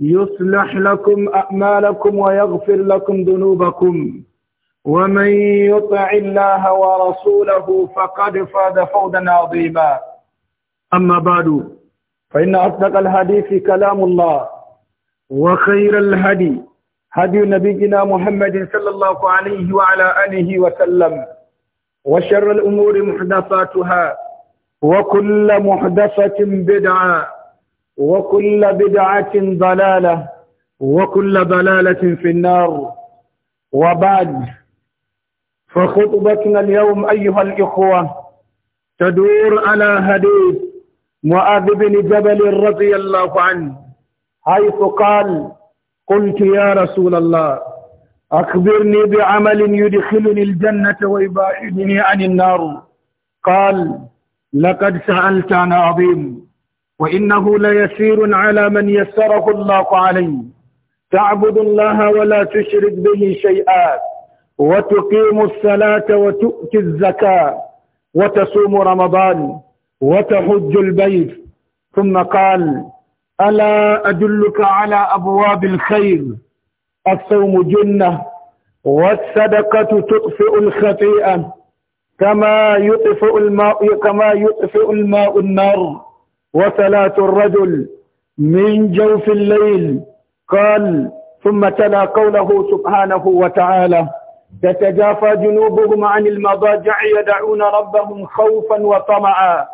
يصلح لكم أعمالكم ويغفر لكم ذنوبكم ومن يطع الله ورسوله فقد فاز فوزا عظيما أما بعد فإن أصدق الحديث كلام الله وخير الهدي هدي نبينا محمد صلى الله عليه وعلى آله وسلم وشر الأمور محدثاتها وكل محدثة بدعة وكل بدعة ضلالة وكل ضلالة في النار وبعد فخطبتنا اليوم أيها الإخوة تدور على حديث معاذ بن جبل رضي الله عنه حيث قال قلت يا رسول الله أخبرني بعمل يدخلني الجنة ويباعدني عن النار قال لقد سألت عن عظيم وإنه ليسير على من يسره الله عليه تعبد الله ولا تشرك به شيئا وتقيم الصلاة وتؤتي الزكاة وتصوم رمضان وتحج البيت ثم قال ألا أدلك على أبواب الخير الصوم جنة والصدقة تطفئ الخطيئة كما يطفئ الماء كما يطفئ الماء النار وثلاث الرجل من جوف الليل قال ثم تلا قوله سبحانه وتعالى تتجافى جنوبهم عن المضاجع يدعون ربهم خوفا وطمعا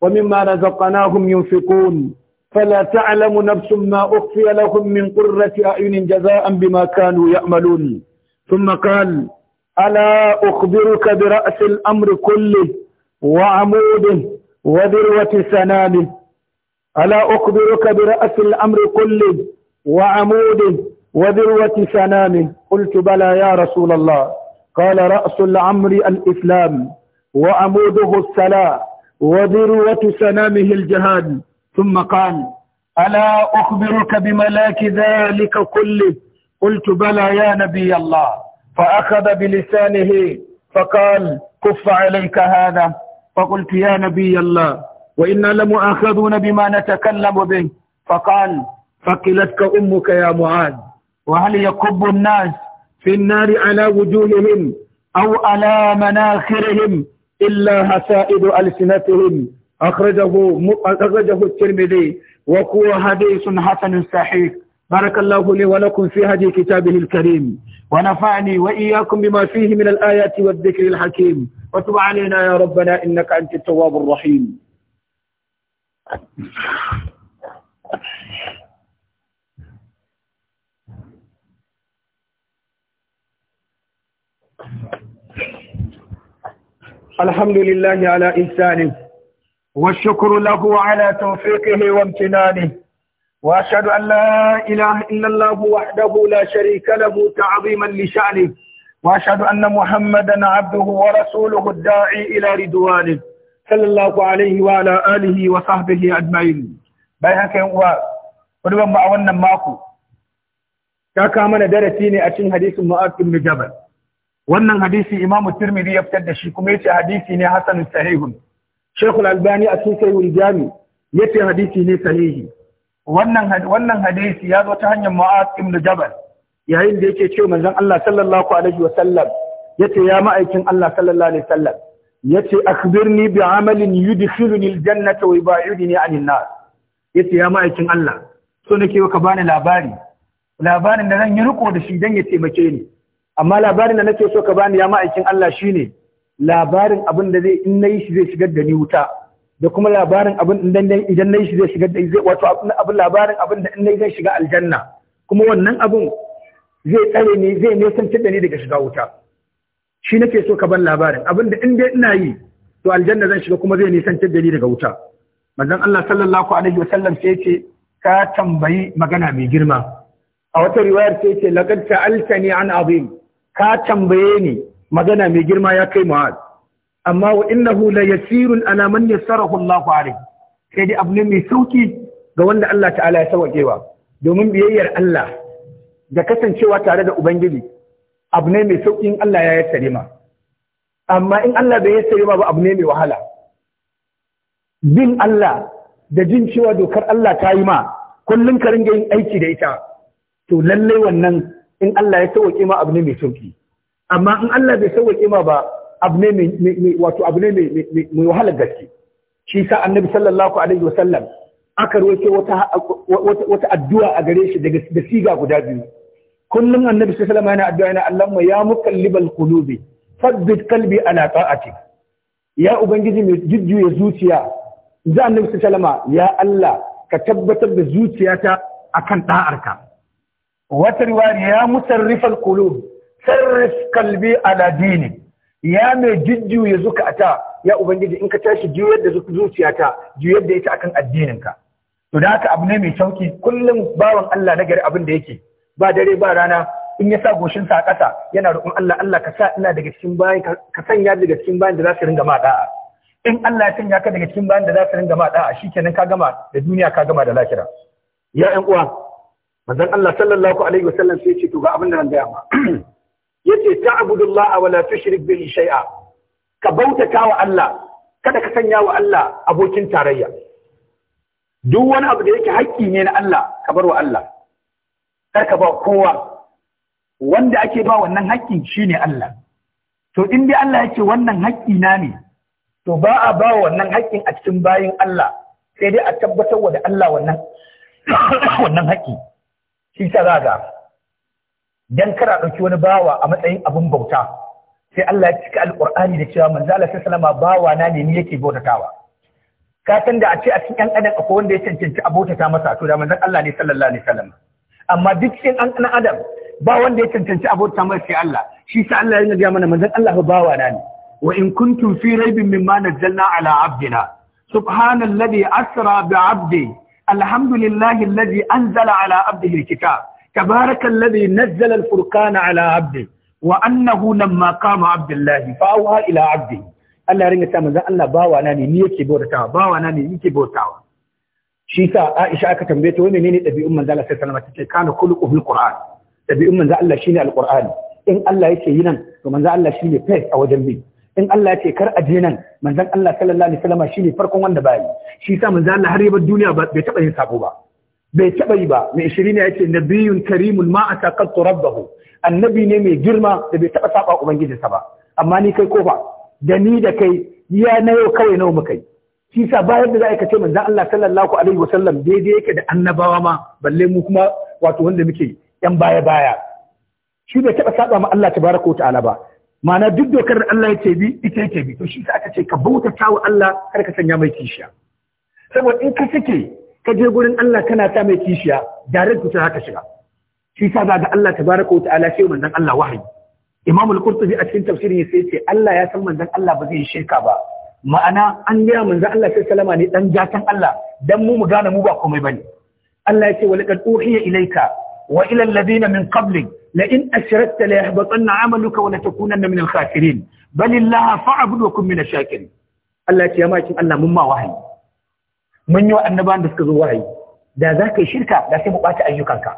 ومما رزقناهم ينفقون فلا تعلم نفس ما أخفي لهم من قرة أعين جزاء بما كانوا يأملون ثم قال ألا أخبرك برأس الأمر كله وعموده وذروة سنانه ألا أخبرك برأس الأمر كله وعموده وذروة سنامه قلت بلى يا رسول الله قال رأس الأمر الإسلام وعموده الصلاة وذروة سنامه الجهاد ثم قال ألا أخبرك بملاك ذلك كله قلت بلى يا نبي الله فأخذ بلسانه فقال كف عليك هذا فقلت يا نبي الله وإنا لمؤاخذون بما نتكلم به فقال فقلتك أمك يا معاذ وهل يكب الناس في النار على وجوههم أو على مناخرهم إلا حسائد ألسنتهم أخرجه, أخرجه الترمذي وهو حديث حسن صحيح بارك الله لي ولكم في هذه كتابه الكريم ونفعني وإياكم بما فيه من الآيات والذكر الحكيم وتب علينا يا ربنا إنك أنت التواب الرحيم الحمد لله على إنسانه والشكر له على توفيقه وامتنانه وأشهد أن لا إله إلا الله وحده لا شريك له تعظيما لشأنه وأشهد أن محمدا عبده ورسوله الداعي إلى رضوانه sallallahu alaihi wa ala alihi wa sahbihi ajma'in bai haka yan uwa wani ban a wannan mako ta kama mana darasi ne a cikin hadisin Mu'adh ibn Jabal wannan hadisi Imam Tirmidhi ya fitar da shi kuma yace hadisi ne hasanun sahihun Sheikhul Albani a cikin Sahihul Jami yace hadisi ne sahihi wannan wannan hadisi ya zo ta hanyar Mu'adh ibn Jabal yayin da yake cewa manzon Allah sallallahu alaihi wa sallam yace ya ma'aikin Allah sallallahu alaihi wa sallam. yace akhbirni bi amalin yudkhiluni aljannata wa yubaiduni anin nar yace ya ma'aikin Allah so nake ka bani labari labarin da zan yi riko da shi dan ya taimake ni amma labarin da nake so ka bani ya ma'aikin Allah shine labarin abin da zai in nayi shi zai shigar da ni wuta da kuma labarin abin idan idan nayi shi zai shigar da zai wato abin labarin abin da in nayi zai shiga aljanna kuma wannan abin zai tsare ni zai nesantar da ni daga shiga wuta shi nake so ka ban labarin abinda in dai ina yi to aljanna zan shiga kuma zai nisantar da ni daga wuta manzon Allah sallallahu alaihi wa sallam sai yace ka tambayi magana mai girma a wata riwayar sai yace laqad ta'altani an azim ka tambaye ni magana mai girma ya kai mu'az amma wa innahu la yasirun ala man yassarahu Allah alaihi sai dai abu ne mai sauki ga wanda Allah ta'ala ya wa domin biyayyar Allah da kasancewa tare da ubangiji abu ne mai sauƙi in Allah ya yi ma amma in Allah bai yi ma ba abu ne mai wahala bin Allah da jin cewa dokar Allah ta yi ma kullum ka ringa yin aiki da ita to lallai wannan in Allah ya sauƙi ma abu ne mai sauƙi amma in Allah bai sauƙi ma ba abu ne mai wato abu ne mai wahala gaske shi sa annabi sallallahu alaihi wasallam aka roke wata addu'a a gare shi da siga guda biyu kullum annabi sai Salama yana addu'a yana Allahumma ya muqallibal qulubi thabbit qalbi ala ta'atik ya ubangiji mai jujjuya zuciya za annabi Salama ya Allah ka tabbatar da zuciyata akan da'arka wata riwaya ya musarrifal qulub sarrif qalbi ala dini ya mai jujjuya zukata ya ubangiji in ka tashi juyar da zuciyata juyar da ita akan addininka to da haka abu ne mai sauki kullum bawan Allah na gari abin da yake ba dare ba rana in ya sa goshinsa a ƙasa yana roƙon Allah Allah ka sa ina daga cikin bayan ka sanya daga cikin bayan da za su ringa ma da'a in Allah ya sanya ka daga cikin bayan da za su ringa ma da'a shikenan ka gama da duniya ka gama da lahira ya ƴan uwa manzon Allah sallallahu alaihi wasallam sai ya ce to ga abin da nan gaya ma yace ta'budullaha wa la tushrik bihi shay'a ka bautata wa Allah kada ka sanya wa Allah abokin tarayya duk wani abu da yake haƙƙi ne na Allah ka bar wa Allah karka ba kowa wanda ake ba wannan haƙƙi shine Allah to in dai Allah yake wannan haƙƙi na ne to ba a ba wannan haƙƙin a cikin bayin Allah sai dai a tabbatar wa da Allah wannan wannan haƙƙi shi ta zaga dan kara ɗauki wani bawa a matsayin abin bauta sai Allah ya cika alƙur'ani da cewa manzo Allah sallama bawa na ne ni yake bautatawa ka san da a ce a cikin ɗan adam akwai wanda ya cancanci a bautata masa to da zan Allah ne sallallahu alaihi wasallam amma duk ɗin an adam ba wanda ya cancanci abota mai sai Allah shi sa Allah ya gaya mana manzon Allah bawa na ne wa in kuntum fi raibin mimma nazzalna ala abdina subhanalladhi asra bi abdi alhamdulillahi alladhi anzala ala abdihi alkitab tabarakalladhi nazzala alfurqana ala abdi wa annahu lamma qama abdullahi fa awha ila abdi Allah ya ringa ta manzon Allah bawa na ne ni yake bautawa na ne yake bautawa shi sa Aisha aka tambaye ta wani ne ɗabi'un manzo Allah sallallahu alaihi wasallam tace kana khuluquhul Qur'an ɗabi'un manzo Allah shine alqur'ani in Allah ce yi nan to manzo Allah shine face a wajen bi in Allah ce kar a je nan manzo Allah sallallahu alaihi wasallam shine farkon wanda bai shi sa manzo Allah har bar duniya bai taba yin sabo ba bai taba yi ba mai 20 ya yace nabiyyun karimun ma ataqattu rabbahu annabi ne mai girma da bai taba saba ubangijinsa ba amma ni kai ba? da ni da kai ya na yau kawai nawa muka yi shi sa bayan da za a kace manzon Allah sallallahu alaihi wasallam daidai yake da annabawa ma balle mu kuma wato wanda muke yan baya baya shi bai taba saba ma Allah tabaraka wa ta'ala ba ma'ana duk dokar da Allah ce bi ita yake bi to shi sa aka ce ka bauta wa Allah kar ka sanya mai kishiya saboda in ka sake ka je gurin Allah kana sa mai kishiya jarin ku ta ka shiga shi sa ga Allah tabaraka wa ta'ala sai manzon Allah wahayi Imam al-Qurtubi a cikin tafsirin sai ce Allah ya san manzon Allah ba zai sheka ba ma'ana an gaya manzo Allah sai salama ne dan jakan Allah dan mu mu gane mu ba komai bane Allah yake wa laqad uhiya ilayka wa ila alladhina min qablik la in ashrakta la yahbatanna 'amaluka wa la takunanna min al-khasirin bal illaha fa'bud wa kun min ash-shakirin Allah yake yamakin Allah mun ma wahayi mun yi wa da suka zo wahayi da za ka yi shirka da sai mu ɓata ayyukanka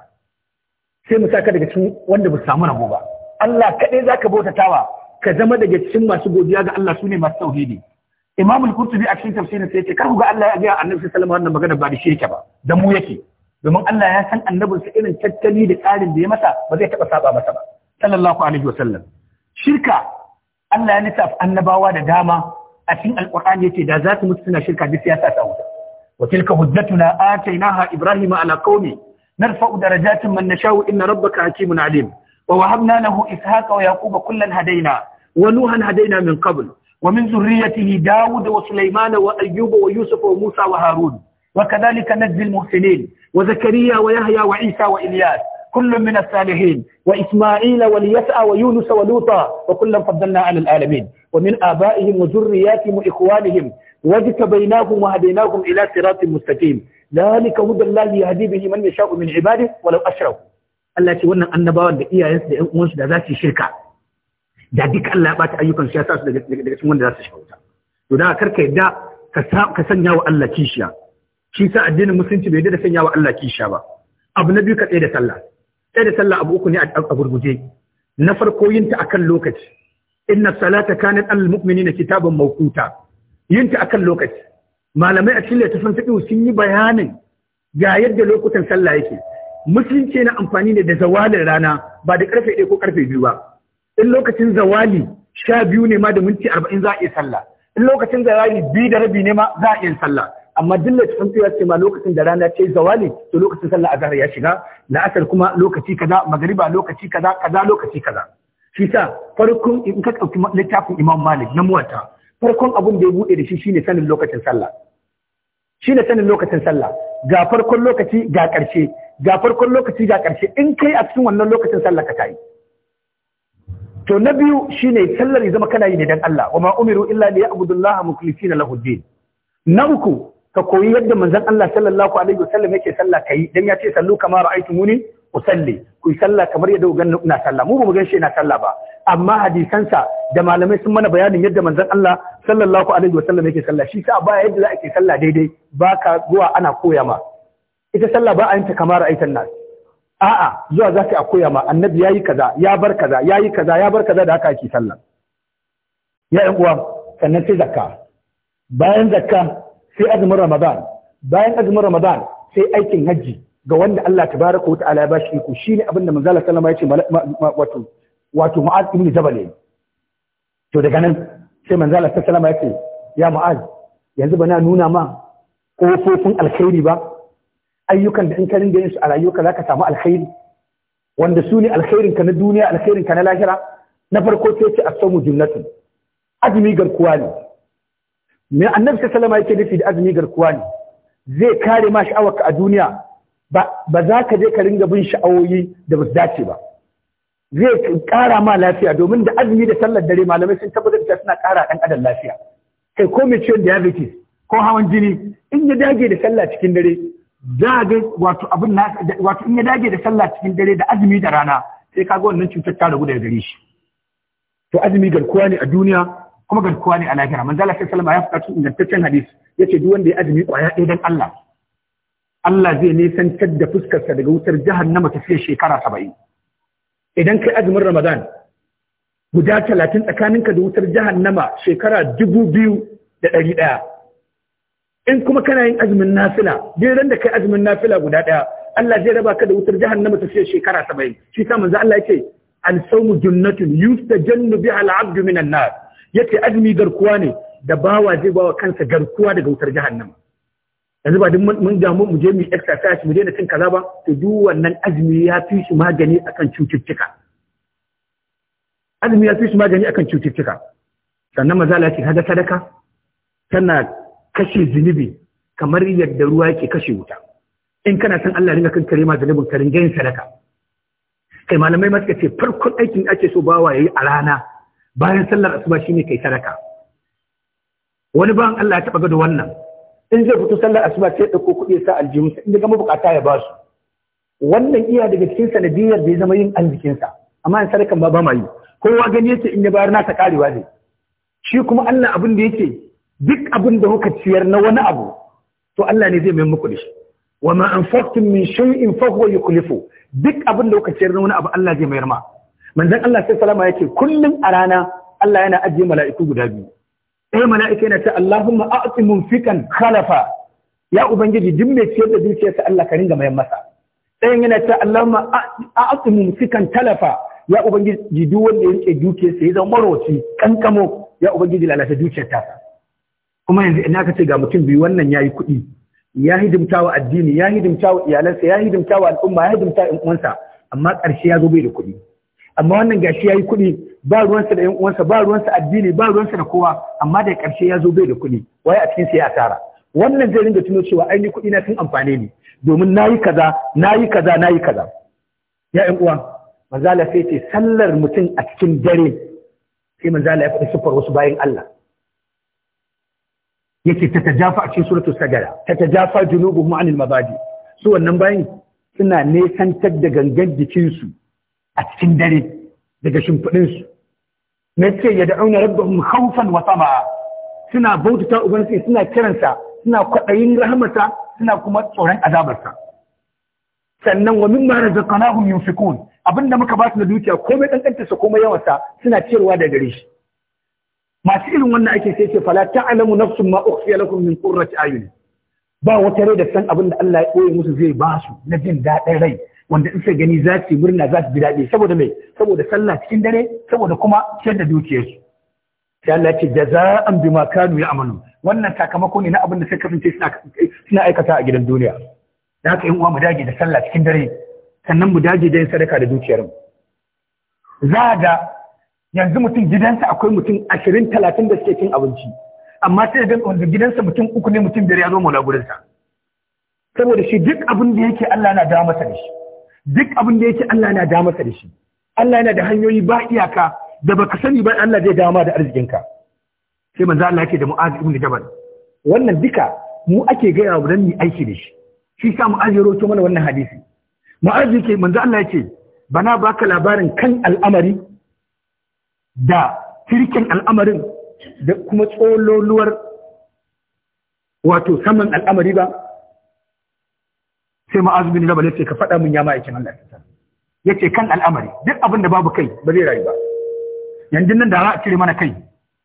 sai mu saka daga cikin wanda ba samu rabo ba Allah kaɗai zaka bautatawa ka zama daga cikin masu godiya ga Allah su ne masu tauhidi Imam al-Qurtubi a cikin tafsirin sai yace kar ku ga Allah ya ga Annabi sallallahu alaihi wasallam ba da ba da mu yake domin Allah ya san annabin sa irin tattali da tsarin da ya masa ba zai taba saba masa ba sallallahu alaihi wasallam shirka Allah ya lissafa annabawa da dama a cikin alqur'ani yace da za su mutu suna shirka duk siyasa ta wuta wa tilka hujjatuna atainaha ibrahima ala qaumi narfa'u darajatin man nasha'u inna rabbaka hakimun alim wa wahabna lahu ishaqa wa yaquba kullan hadaina wa nuhan hadaina min qabl ومن ذريته داود وسليمان وأيوب ويوسف وموسى وهارون وكذلك نجزي المحسنين وزكريا ويهيا وعيسى وإلياس كل من الصالحين وإسماعيل واليسع ويونس ولوطا وكلا فضلنا على العالمين ومن آبائهم وذرياتهم وإخوانهم واجتبيناهم وهديناهم إلى صراط مستقيم ذلك هدى الله يهدي به من يشاء من عباده ولو أشركوا Allah ce wannan annabawan da iyayensu da ‘yan uwansu da duk Allah ya ɓata ayyukan su ya sa su daga cikin wanda za su shiga wuta to da karka yadda ka sanya wa Allah kishiya shi sa addinin musulunci bai da sanya wa Allah kishiya ba abu na biyu ka tsaye da sallah tsaye da sallah abu uku ne a gurguje na farko yin ta akan lokaci inna salata kanat al mu'minina kitaban mawquta yin ta akan lokaci malamai a cikin littafin fiqh sun yi bayanin ga yadda lokutan sallah yake musulunci na amfani ne da zawalin rana ba da karfe ɗaya ko karfe biyu ba in lokacin zawali sha biyu ne ma da minti arba'in za a iya sallah in lokacin zawali biyu da rabi ne ma za a iya sallah amma duk da cikin fiya ce ma lokacin da rana ce zawali to lokacin sallah zahar ya shiga na la'asar kuma lokaci kaza magriba lokaci kaza kaza lokaci kaza shi sa farkon in ka ɗauki littafin imam malik na muwata farkon abin da ya buɗe da shi shine sanin lokacin sallah shine sanin lokacin sallah ga farkon lokaci ga ƙarshe ga farkon lokaci ga ƙarshe in kai a cikin wannan lokacin sallah ka tayi to na biyu shi ne sallar zama kana yi ne dan Allah wa umiru illa li ya'budullaha mukhlisina a din na uku ka koyi yadda manzan Allah sallallahu alaihi wasallam yake sallah kai dan ya ce sallu kama ra'aytumuni muni ku yi sallah kamar yadda ku ganni na sallah mu ba mu ganshi na sallah ba amma hadisansa da malamai sun mana bayanin yadda manzan Allah sallallahu alaihi sallam yake sallah shi sa ba yadda za ke sallah daidai ba ka zuwa ana koya ma ita sallah ba a yin ta kamar ra'aytan nas a'a zuwa za ka akwai koya ma annabi ya yi kaza ya bar kaza ya yi kaza ya bar kaza da haka ake sallah ya yan uwa sannan sai zakka bayan zakka sai azumin ramadan bayan azumin ramadan sai aikin hajji ga wanda Allah tabaraka wa ta'ala ya bashi iko shine abin da manzala sallama ya ce wato wato mu'az ibn jabal ne to daga nan sai manzala sallama ya ce ya ma'az yanzu bana nuna ma kofofin alkhairi ba ayyukan da in ka ringa yin su a rayuwarka za ka samu alkhairi wanda su ne alkhairin ka na duniya alkhairin ka na lahira na farko sai ce asamu junnatu azumi garkuwa ne me annabi sallama alaihi yake nufi da azumi garkuwa ne zai kare ma sha'awarka a duniya ba za ka je ka ringa bin sha'awoyi da ba su dace ba zai kara ma lafiya domin da azumi da sallar dare malamai sun tabbatar da suna kara dan adam lafiya kai ko mai ciwon diabetes ko hawan jini in ya dage da sallah cikin dare za a ga wato abin na wato in ya dage da sallah cikin dare da azumi da rana sai kaga wannan cutar ta ragu daga gare shi to azumi garkuwa ne a duniya kuma garkuwa ne a lahira manzo Allah sallallahu alaihi ya faɗa ingantaccen hadisi yace duk wanda ya azumi kwaya ɗaya dan Allah Allah zai nisantar da fuskarsa daga wutar jahannama ta sai shekara saba'in idan kai azumin Ramadan guda talatin tsakaninka da wutar jahannama shekara dubu biyu da ɗari ɗaya in kuma kana yin azumin nafila dai ran da kai azumin nafila guda daya Allah zai raba ka da wutar jahannama ta sai shekara 70 shi sa manzo Allah yake al-sawmu junnatun yustajannu biha al-'abdu an nar Yake azumi garkuwa ne da bawa zai bawa kansa garkuwa daga wutar jahannama yanzu ba duk mun ga mu je mu exercise mu daina cin kaza ba to duk wannan azumi ya fi shi magani akan cututtuka azumi ya fi shi magani akan cututtuka sannan maza Allah yake kaga sadaka tana kashe zunubi kamar yadda ruwa yake kashe wuta in kana san Allah ringa kan kare da zunubin karin ringa sadaka kai malamai ma suka ce farkon aikin ake so bawa yayi a rana bayan sallar asuba shine kai sadaka wani bayan Allah ya taba gado wannan in zai fito sallar asuba sai dauko kuɗi sa aljihunsa in ga mabukata ya ba su wannan iya daga cikin sanadiyar da ya zama yin sa amma in sadakan ba ba ma yi kowa gani yake in ya bayar na ta karewa ne. shi kuma Allah abin da yake duk abin da kuka ciyar na wani abu to Allah ne zai mai muku da shi wa ma anfaqtum min shay'in fa huwa yukhlifu duk abin da kuka ciyar na wani abu Allah zai mayar ma manzon Allah sai salama yake kullum a rana Allah yana ajiye mala'iku guda biyu ɗaya mala'ika yana ce Allahumma a'ti munfiqan khalafa ya ubangiji duk mai ciyar da dukiyarsa Allah ka ringa mayar masa ɗayan yana ce Allahumma a'ti munfiqan talafa ya ubangiji duk wanda ya rike dukiyarsa ya zama maroci kankamo ya ubangiji lalata dukiyar tasa kuma yanzu ina ka ce ga mutum biyu wannan ya yi kuɗi ya hidimta wa addini ya hidimta wa iyalansa ya hidimta wa al'umma ya hidimta 'yan uwansa amma ƙarshe ya zo bai da kuɗi amma wannan gashi ya yi kuɗi ba ruwansa da 'yan uwansa ba ruwansa addini ba ruwansa da kowa amma da ƙarshe ya zo bai da kuɗi waye a cikin sa ya tara wannan zai ringa tuno cewa ainihin kuɗi na sun amfane ni domin na yi kaza na yi kaza na yi kaza ya yan uwa manzala sai ce sallar mutum a cikin dare sai manzala ya faɗi siffar wasu bayan Allah yake tatajafa a cikin suratul sajada tatajafa junubuhum anil mabadi su wannan bayin suna nesantar da gangan jikinsu a cikin dare daga shimfiɗinsu na ce ya da'auna rabbahum khawfan wa tama'a suna bautata ubangiji suna kiransa suna kwaɗayin rahamarsa suna kuma tsoron azabarsa sannan wa mimma razaqnahum yunfikun abinda muka ba su na dukiya komai kankanta su komai yawansa suna ciyarwa da gare shi masu irin wannan ake sai ce fala ta'lamu nafsun ma ukhfiya lakum min qurrati ayun ba wata rai da san abin da Allah ya koyi musu zai ba su na jin daɗin rai wanda in sai gani za su murna za su ji daɗi saboda mai saboda sallah cikin dare saboda kuma ciyar da dukiyarsu sai Allah ya ce jaza'an bima kanu ya'malu wannan sakamako ne na abin da suka kasance suna aikata a gidan duniya da haka yan uwa mu dage da sallah cikin dare sannan mu dage da yin sadaka da dukiyarmu. mu za da. yanzu mutum gidansa akwai mutum ashirin talatin da suke cin abinci amma sai ga wanda gidansa mutum uku ne mutum biyar ya zo maula gurinsa saboda shi duk abin da yake Allah na dawo masa da shi duk abin da yake Allah na dawo masa da shi Allah yana da hanyoyi ba iyaka da baka sani ba Allah zai dawo ma da arzikinka sai manzo Allah yake da Mu'az ibn Jabal wannan duka mu ake gaya wa dan mu aiki da shi shi sa Mu'az ya roto mana wannan hadisi Mu'azi yake manzo Allah yake bana baka labarin kan al'amari da firkin al'amarin da kuma tsololuwar wato saman al'amari ba sai ma’azumi bin yace ka faɗa mun ya ma'aikin Allah ya ce kan al'amari duk abin da babu kai ba zai rayu ba yanzu nan da za a cire mana kai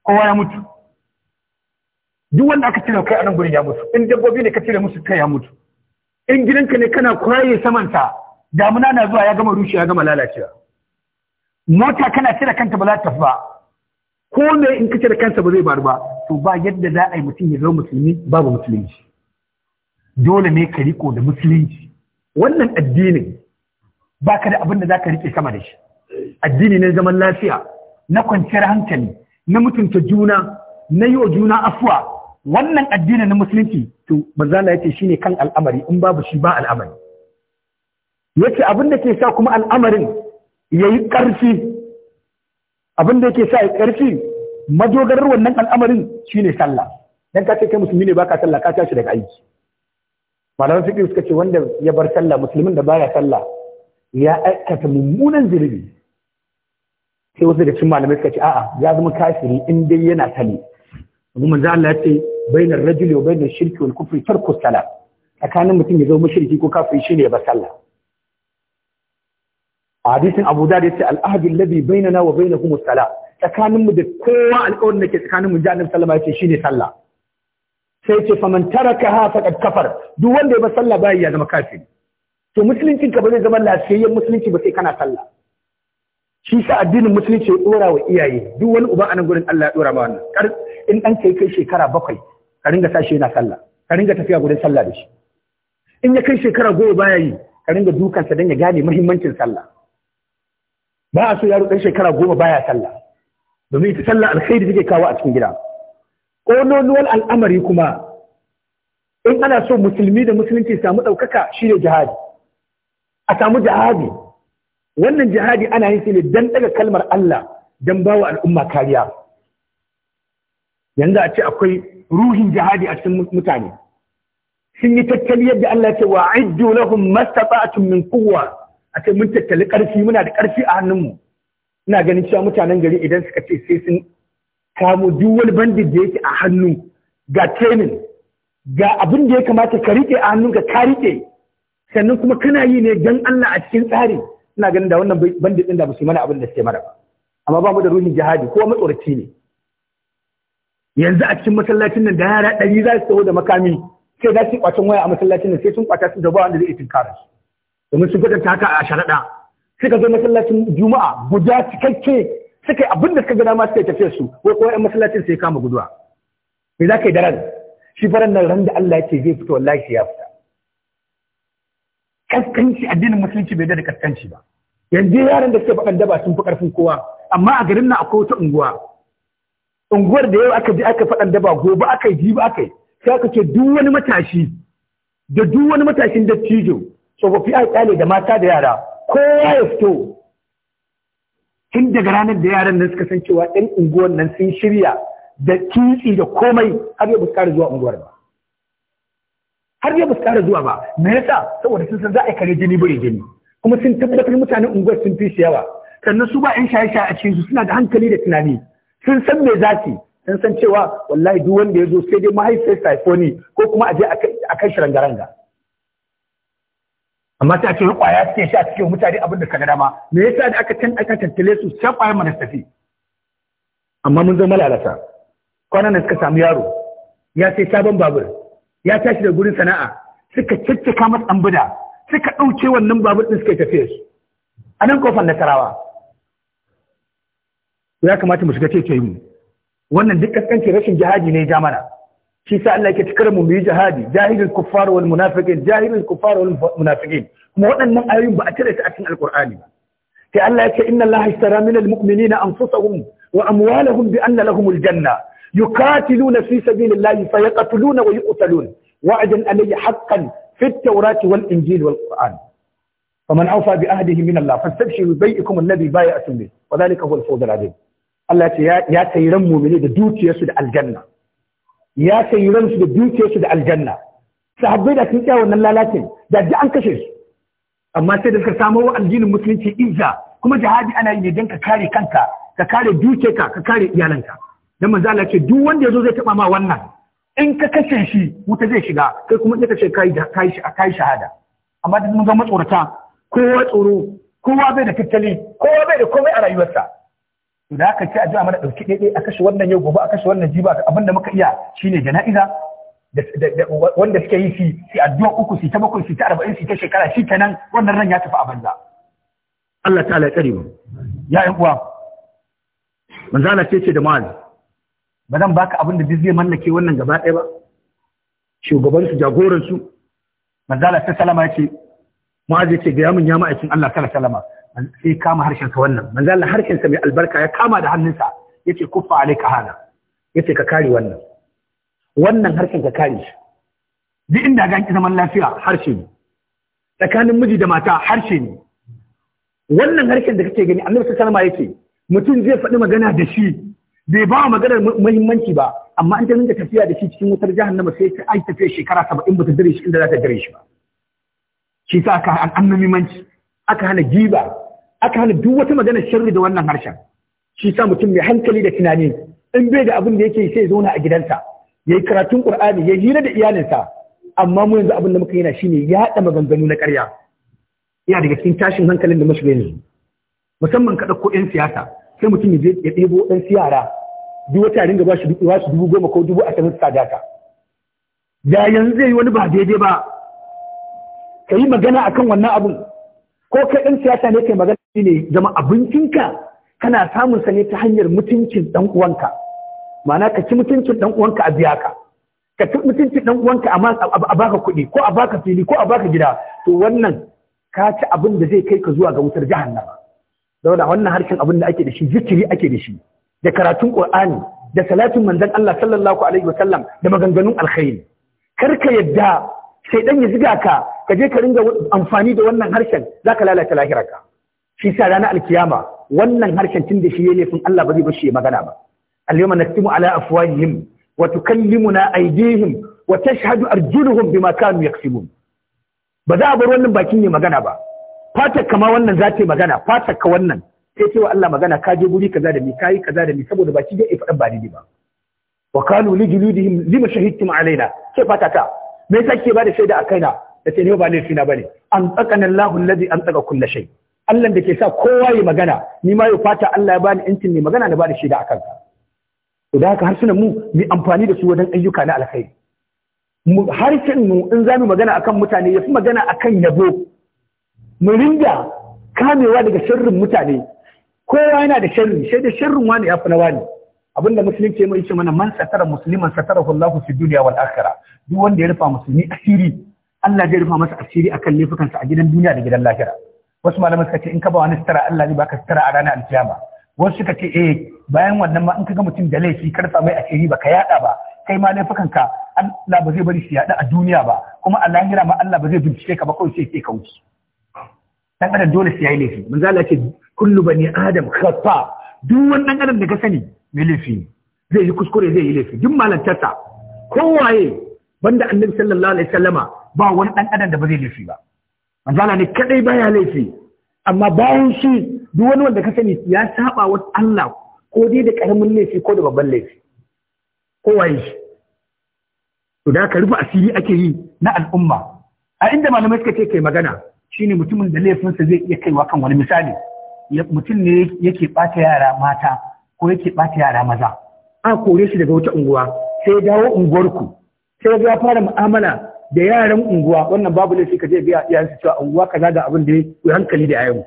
kowa ya mutu duk wanda aka cire kai a nan gurin ya mutu in dabbobi ne ka cire musu kai ya mutu in gidanka ne kana kwaye samanta damuna na zuwa ya gama rushe ya gama lalacewa mota kana cire kanta ba za ta ba ko me in ka cire kansa ba zai baru ba to ba yadda za a yi mutum ya zama musulmi babu musulunci dole ne ka riko da musulunci wannan addinin ba ka da abin da za ka rike sama da shi addini na zaman lafiya na kwanciyar hankali na mutunta juna na yi wa juna afuwa wannan addini na musulunci to manzala ya ce shine kan al'amari in babu shi ba al'amari yace abin da ke sa kuma al'amarin ya yi ƙarfi abin da yake sa ya ƙarfi majogarar wannan al'amarin shi ne sallah don ka ce kai musulmi ne baka sallah ka tashi daga aiki malaman fiƙi suka ce wanda ya bar sallah musulmin da baya sallah ya aikata mummunan zunubi sai wasu daga cikin malamai suka ce a'a ya zama kafiri in dai yana sani kuma manzo Allah ya ce bainar rajuli wa bainar shirki wal kufri tarku salat tsakanin mutum ya zama mushriki ko shi shine ya bar sallah hadisin Abu Dawud ce al-ahdu alladhi bainana wa bainakum as-salah tsakanin mu da kowa alƙawarin da ke tsakanin mu ji Annabi sallallahu ce shi ne sallah sai ce faman tarakaha faqad kafar duk wanda ya ba sallah bai ya zama kafin. to musuluncin ka ba zai zama lafiyayyen musulunci ba sai kana sallah shi sa addinin musulunci ya ɗora wa iyaye duk wani uba anan gurin Allah ya ɗora ma wannan kar in dan kai kai shekara bakwai ka ringa sashi yana sallah ka ringa tafiya gurin sallah da shi in ya kai shekara goma baya yi ka ringa dukansa don ya gane muhimmancin sallah ba a so yaro ɗan shekara goma baya sallah domin ita sallah alkhairi take kawo a cikin gida ƙololuwar al'amari kuma in ana so musulmi da musulunci samu ɗaukaka shi ne jihadi a samu jihadi wannan jihadi ana yin ne dan ɗaga kalmar Allah don bawa al'umma kariya yanzu a ce akwai ruhin jihadi a cikin mutane sun yi tattali yadda Allah ce wa iddu lahum mastata'tum min a ce mun tattali ƙarfi muna da ƙarfi a hannunmu ina ganin cewa mutanen gari idan suka ce sai sun kamo duk wani bandit da yake a hannu ga training ga abin da ya kamata ka riƙe a hannunka ka riƙe sannan kuma kana yi ne dan Allah a cikin tsari ina ganin da wannan bandit ɗin da ba su mana abin da suke mara ba amma ba mu da ruhin jihadi ko matsoraci ne yanzu a cikin masallacin nan da yara ɗari za su taho da makami sai za su yi kwacin waya a masallacin nan sai sun kwata su da ba wanda zai tinkara su domin sun kwatanta haka a sharaɗa suka zo masallacin juma'a guda cikakke suka yi abin da suka gada masu suka tafiya su ko kuma yan masallacin sai kama guduwa me za ka yi daren shi faran nan ran da Allah yake zai fito wallahi shi ya fita kaskanci addinin musulunci bai da kaskanci ba yanzu yaran da suke faɗan daba sun fi ƙarfin kowa amma a garin nan akwai wata unguwa unguwar da yau aka ji aka faɗan daba gobe aka yi jibi aka yi sai aka ce duk wani matashi da duk wani matashin dattijo tsofaffi a kyale da mata da yara kowa ya fito tun daga ranar da yaran nan suka san cewa ɗan unguwar nan sun shirya da kitsi da komai har yau buskara zuwa unguwar ba har yau buskara zuwa ba me yasa saboda sun san za a kare jini bari jini kuma sun tabbatar mutanen unguwar sun fi shi yawa sannan su ba yan shaye-shaye a cikin su suna da hankali da tunani sun san me za su sun san cewa wallahi duk wanda ya zo sai dai mahaifiyar saifoni ko kuma a je a kai shi rangaranga amma sai a ce kwaya suke a cikin mutane abin da ka gada ma me yasa da aka can aka tantale su can kwaya mana tafi amma mun zama lalata kwanan da suka samu yaro ya sai sabon babur ya tashi da gurin sana'a suka ciccika masa ambuda suka ɗauke wannan babur ɗin suka tafiya su a nan kofar nasarawa ya kamata mu shiga ce mu wannan duk kaskanci rashin jihadi ne ja mana shi sa Allah yake cikar mu yi jihadi jahilul kuffar wal munafiqin jahilul kuffar wal munafiqin kuma waɗannan ayoyin ba a cire su a cikin alqur'ani ba sai Allah yake inna Allah ishtara min al mu'minina anfusahum wa amwalahum bi anna lahumul janna yuqatiluna fi sabilillahi fayaqtuluna wa yuqtalun wa'adan alayhi haqqan fi at-taurati wal injil wal qur'an فمن أوفى بعهده من الله فاستبشروا ببيئكم الذي بايعتم به وذلك هو الفوز العظيم الله يا تيرم مؤمنين دوتي يسد الجنه ya sayi ransu da dukiyarsu da aljanna sahabbai da sun tsaya wannan lalacin da ji an kashe su amma sai da suka samo wa aljinin musulunci izza kuma jihadi ana yi ne don ka kare kanka ka kare duke ka kare iyalanka dan manzo Allah ce duk wanda yazo zai taba ma wannan in ka kashe shi wuta zai shiga kai kuma sai ka ce kai kai shi kai shahada amma da mun ga matsorata kowa tsoro kowa bai da tattali kowa bai da komai a rayuwarsa da aka ce a ji mana ɗauki ɗaiɗai a kashe wannan yau gobe a kashe wannan jiba abinda muka iya shine jana'iza wanda suke yi si addu'a uku si ta bakwai si ta arba'in si ta shekara shi kenan wannan ran ya tafi a banza Allah ta ala tsare mu ya yan uwa manzo Allah ce ce da mali ba zan baka abin da duk zai mallake wannan gaba ɗaya ba shugaban su jagoran su manzo Allah ta salama ya ce mu'azi ce ga yamin ya ma'aikin Allah sallallahu salama. sai kama harshen sa wannan manzo Allah harshen mai albarka ya kama da hannunsa yace kuffa alayka hada yace ka kare wannan wannan harshen ka kare shi duk inda ga ki zaman lafiya harshe ne tsakanin miji da mata harshe ne wannan harshen da kake gani Annabi sallallahu alaihi wasallam yake mutum zai faɗi magana da shi bai ba wa maganar muhimmanci ba amma an ta tafiya da shi cikin wutar jahannama sai ta ai tafiya shekara saba'in ba ta dare shi inda za ta dare shi ba shi sa aka an manci? aka hana giba aka hana duk wata maganar sharri da wannan harshen shi sa mutum mai hankali da tunani in bai da abin da yake sai zauna a gidansa ya yi karatun ƙur'ani ya hira da iyalinsa amma mu yanzu abin da muka yana shine yaɗa maganganu na ƙarya yana daga cikin tashin hankalin da mashiga yanzu musamman ka ɗauko 'yan siyasa sai mutum ya je ya ɗebo ɗan siyara duk wata ringa ba shi dubu goma ko dubu ashirin su sadaka da yanzu zai yi wani ba daidai ba ka yi magana akan wannan abun ko kai ɗan siyasa ne kai magana ne zama abincinka kana samun sa ne ta hanyar mutuncin dan uwanka ma'ana ka ci mutuncin dan uwanka a biya ka ka ci mutuncin dan uwanka a baka kuɗi ko a baka fili ko a baka gida to wannan ka ci abin da zai kai ka zuwa ga wutar jahannama saboda wannan harshen abin da ake da shi zikiri ake da shi da karatun qur'ani da salatin manzon Allah sallallahu alaihi wasallam da maganganun alkhairi kar ka yadda sai dan ya ziga ka ka je ka ringa amfani da wannan harshen zaka lalata lahirarka shi sa ranar alkiyama wannan harshen tun da shi ya laifin Allah ba zai bashi shi ya magana ba al-yawma naktimu ala afwahihim wa tukallimuna aydihim wa tashhadu arjuluhum bima kanu yaksibun ba za a bar wannan bakin ya magana ba fatar kama wannan za ta yi magana fatar ka wannan sai ce wa Allah magana ka je guri kaza da mi kai kaza da mi saboda baki zai faɗa ba daidai ba wa kanu li juludihim lima shahidtum alaina ce fata ta me yasa ke ba da shaida a kaina da ce ne ba laifi na bane an tsakana Allahu allazi an tsaka kullu shay' Allah da ke sa kowa ya magana ni ma fata Allah ya bani incin ne magana na bada shaida akan ka to da haka harsunan mu mu amfani da su wajen ayyuka na alkhairi mu harshen mu in zamu magana akan mutane yafi magana akan yabo mu ringa kamewa daga sharrin mutane kowa yana da sharri sai da sharrin wani ya fi na wani abinda musulunci mai ce mana man satara musliman satara Allahu fi duniya wal akhirah duk wanda ya rufa musulmi asiri Allah zai rufa masa asiri akan laifukansa a gidan duniya da gidan lahira wasu malaman suka ce in ka ba wani sutura Allah zai baka sutura a ranar alkiyama wasu suka ce eh bayan wannan ma in ka ga mutum da laifi kar sa mai asiri ba ka yada ba kai ma laifukan ka Allah ba zai bari shi yada a duniya ba kuma a lahira ma Allah ba zai bincike ka ba kawai sai ke kauci dan adam dole sai yayi laifi mun zalla ce kullu bani adam khata duk wannan adam da ka sani mai laifi zai yi kuskure zai yi laifi duk malantarsa kowaye banda annabi sallallahu alaihi wasallama ba wani dan adam da ba zai laifi ba manzala ne kadai baya laifi amma bayan shi duk wani wanda ka sani ya saba wa Allah ko dai da karamin laifi ko da babban laifi ko waye shi to da ka rufe asiri ake yi na al'umma a inda malamai suka ce kai magana shine mutumin da laifinsa zai iya kaiwa kan wani misali mutum ne yake bata yara mata ko yake bata yara maza a kore shi daga wata unguwa sai ya dawo unguwarku sai ya fara mu'amala da yaran unguwa wannan babu laifi ka je ga iyayensu cewa unguwa kaza ga abin da ya yi hankali da yayan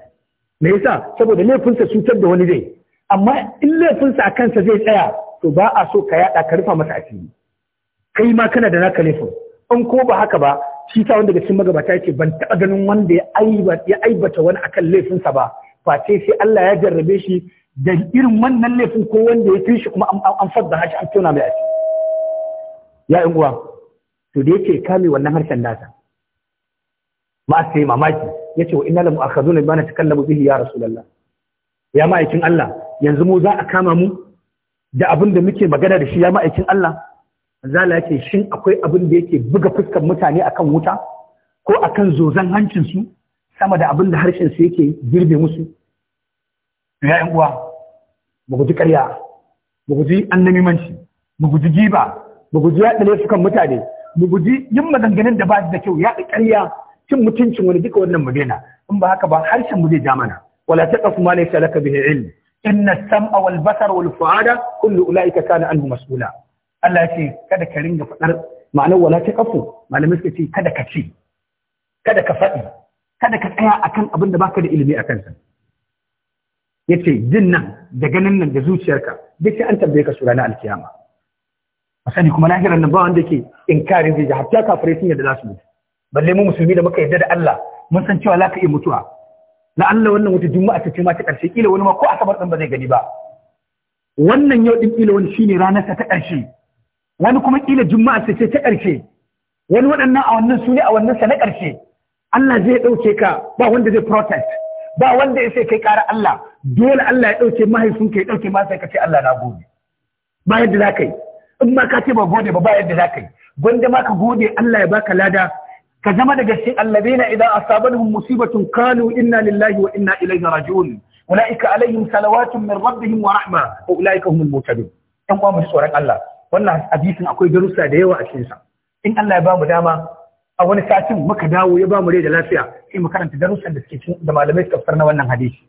me yasa saboda laifinsa cutar da wani zai amma in laifinsa a kansa zai tsaya to ba a so ka yada ka rufa masa asiri kai ma kana da naka laifin in ko ba haka ba shi ta wanda cikin magabata yake ban taɓa ganin wanda ya aibata wani akan laifinsa ba face sai Allah ya jarrabe shi da irin wannan laifin ko wanda ya fi kuma an fadda shi an tona mai asiri ya uwa to da yake kame wannan harshen nasa ba sai mamaki yace wa inna la mu'akhadun bima natakallamu bihi ya rasulullah ya ma'aikin Allah yanzu mu za a kama mu da abin da muke magana da shi ya ma'aikin Allah zala yake shin akwai abin da yake buga fuskar mutane akan wuta ko akan zozan hancin su sama da abin da harshen su yake girbe musu ya yan uwa mu guji ƙarya mu guji annamimanci mu guji giba mu guji yaɗa laifukan mutane mu guji yin maganganun da ba da kyau ya ƙarya cin mutuncin wani duka wannan mu daina in ba haka ba harshen mu zai jamana. mana wala taqfu ma laysa laka bihi ilm inna sam'a wal basara wal fu'ada kullu ulaika kana anhu mas'ula Allah ya ce kada ka ringa faɗar ma'anar wala ƙafu, malamai suka ce kada ka ce kada ka faɗi kada ka tsaya akan abin da baka da ilimi a kansa ce jin nan da ganin nan da zuciyarka duk sai an tambaye ka su ranar alkiyama a kuma lahirar nan ba wanda ke inkarin zai ji hatta kafirai sun yadda za su mutu balle mu musulmi da muka yadda da Allah mun san cewa za ka iya mutuwa na Allah wannan wata juma'a ta ce ma ta ƙarshe kila wani ma ko asabar ɗin ba zai gani ba wannan yau ɗin kila wani shine ranar ta ƙarshe wani kuma kila juma'a ta ce ta ƙarshe wani waɗannan a wannan su ne a wannan sa na ƙarshe Allah zai ɗauke ka ba wanda zai protest ba wanda ya sai kai ƙara Allah dole Allah ya ɗauke mahaifinka ya ɗauke masa ka ce Allah na gobe ba yadda za ka yi in ma ka ce ba gode ba ba yadda za ka yi gwanda ma ka gode Allah ya baka lada ka zama daga cikin allabina idan asabanhum musibatun kano inna lillahi wa inna ilaihi raji'un ulaika alaihim salawatun min rabbihim wa rahma wa ulaika humul muhtadun dan uwa mu tsoron Allah wannan hadisin akwai darussa da yawa a cikin sa in Allah ya mu dama a wani satin muka dawo ya mu rai da lafiya sai mu karanta darussan da suke cikin da malamai suka na wannan hadisi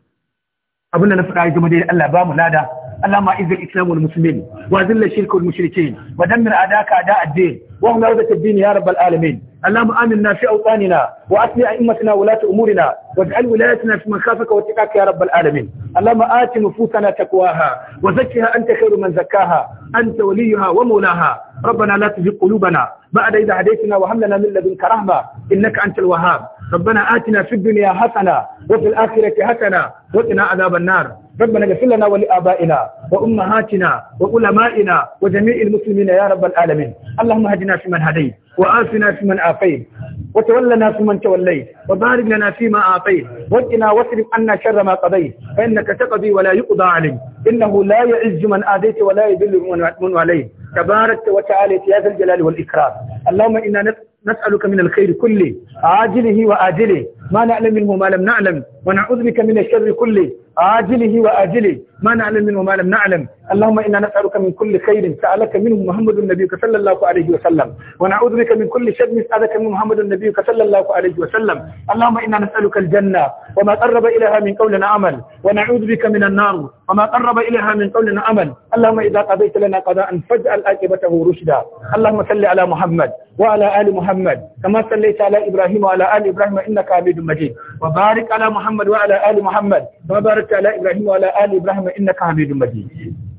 abin da na faɗa ya zama dai Allah ya mu lada اللهم اعز الاسلام والمسلمين واذل الشرك والمشركين ودمر اعداءك اعداء الدين وهم عودة الدين يا رب العالمين اللهم آمنا في أوطاننا وأثني أئمتنا ولاة أمورنا واجعل ولايتنا في من خافك واتقاك يا رب العالمين اللهم آت نفوسنا تقواها وزكها أنت خير من زكاها أنت وليها ومولاها ربنا لا تزغ قلوبنا بعد إذا هديتنا وهب لنا من لدنك رحمة إنك أنت الوهاب ربنا آتنا في الدنيا حسنة وفي الآخرة حسنة وقنا عذاب النار ربنا اغفر لنا ولآبائنا وأمهاتنا وعلمائنا وجميع المسلمين يا رب العالمين اللهم هدنا في من هديت وآتنا فيمن آتيت وتولنا فيمن توليت وبارك لنا فيما أعطيت وقنا واصرف عنا شر ما قضيت فإنك تقضي ولا يقضى عليك إنه لا يعز من آذيت ولا يذل من عليه تبارك وتعالى يا ذا الجلال والإكرام اللهم إنا نسألك من الخير كله عاجله وآجله ما نعلم منه ما لم نعلم ونعوذ بك من الشر كله عاجله وآجله ما نعلم منه وما لم نعلم اللهم إنا نسألك من كل خير سألك منه محمد النبي صلى الله عليه وسلم ونعوذ بك من كل شر سألك منه محمد النبي صلى الله عليه وسلم اللهم إنا نسألك الجنة وما قرب إليها من قول عمل ونعوذ بك من النار وما قرب إليها من قول عمل اللهم إذا قضيت لنا قضاء فجأ الآكبته رشدا اللهم صل على محمد وعلى آل محمد كما صليت على إبراهيم وعلى آل إبراهيم إنك حميد مجيد وبارك على محمد وعلى آل محمد كما باركت على إبراهيم وعلى آل إبراهيم إنك حميد مجيد